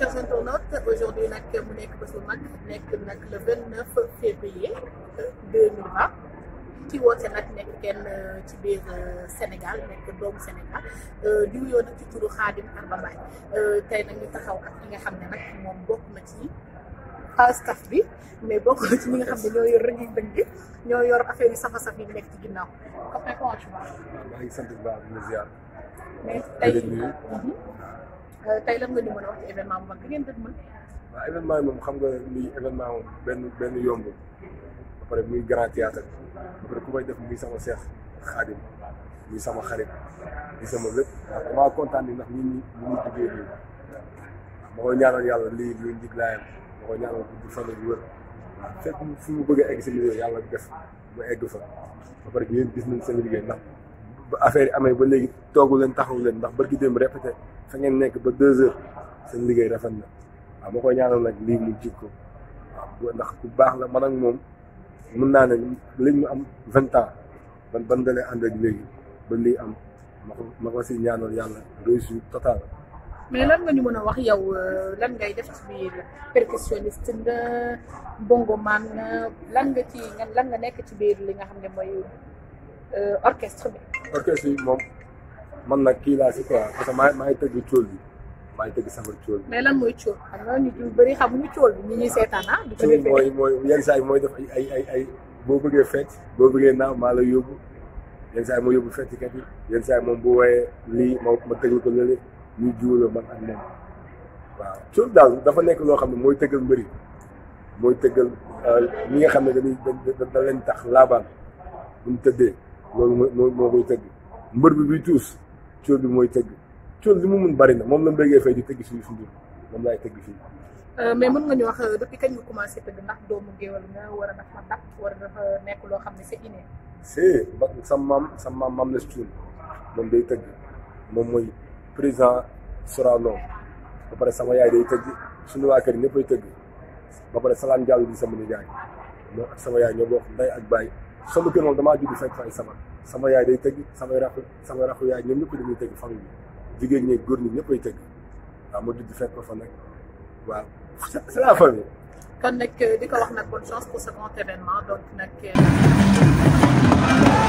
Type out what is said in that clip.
chers internautes aujourd'hui nag mu nekk bés bu mag nekk nag le 29 février 2020 euh, ci woote nag nekk kenn euh, ci biir euh, Sénégal nekk doomu Sénégal di wuyoo nag ci turu Khadim Arba Mbaye tey nag ñu taxaw ak nga xam ne nag moom bokk na ci staff bi mais bokk na ci ñi nga xam ne ñoo yor rëdd yu bëri bi ñoo yor affaire safa-saf yi nekk ci ginnaaw comme ay comment tu vas. Euh, tey lan nga ñu mën a wax ci événement bu mag bi ngeen dëgmal. moom xam nga ni événement benn benn yomb ba pare muy grand théâtre ku may def muy sama seex xaadim muy sama xarit di sama lépp damaa kontaan ndax ñun ñi ñu ngi duggee nii ma koy ñaanal yàlla lii luy ndig laayam ma koy ñaanal di fan yu wër fekk fu mu bëgg a egg si milieu yàlla def mu egg fa ba pare yéen gis nañ seen liggéey ndax affaire yi amee ba léegi toogu leen taxaw leen ndax bërki démb répété fa ngeen nekk ba deux heures seen liggéey rafet na waaw ma koy ñaanal nag lii mu jig ko ndax ku baax la man ak moom mun naa ne ñu am vingt ans ban ban dalee ànd ak léegi ba lii am ma ko ma ko si ñaanal yàlla réussite totale mais lan nga ñu mën a wax yow euh, lan ngay def ci biir percussionniste nga bongo man lan nga ci lan nga nekk ci biir li nga xam ne mooy euh, orchestre bi orchestre yi moom man nag kii laa si quoi parce que maa maay tëgg cóol bi maay tëgg sama cóol bi. mais lan mooy cóol xam nga nit ñu bëri xamuñu cóol bi ñu ñuy seetaan ah. du ko saa yi mooy def ay ay ay boo bëggee fecc boo naaw maa la yóbbu yenn saa yi moo saa moom bu wooyee lii ma ma tëgg ko lële ñu jiwala man ak moom waaw cóol daal dafa nekk loo xam ne mooy tëggal mbëri mooy tëggal euh, ñi nga xam ne dañuy da tax laabaan bu ñu loolu moo moo koy tëgg mbër bi biy tuus cóol bi mooy tëgg cóol bi moo mun bari na moom la mbéygee fay di tëgg fii si biir moom laay tëgg fii euh, mais mën nga ñu wax euh, depuis kañ nga commencé tëgg ndax doomu géwél nga war a dafa a dafa euh, loo xam ne c'est inné si ba maam sa maam maam les cuul moom day tëgg moom mooy président Sorano ba pare sama yaay day tëgg suñu waa kër ñëppay tëgg ba pare salaam jàll bi sama nijaay moom ak sama yaay ñoo bokk ndey ak baay sama kër moom damaa judd fekk fay sama sama yaay day tëgg sama raxu sama raxu yaay ñoom ñëpp dañuy tëgg famille bi jigéen ñi góor ñi ñëpp ay tëgg waaw ma judd fekk ko fa nag waaw c'est la famille. kon nag di ko wax nag bonne chance pour ce grand événement donc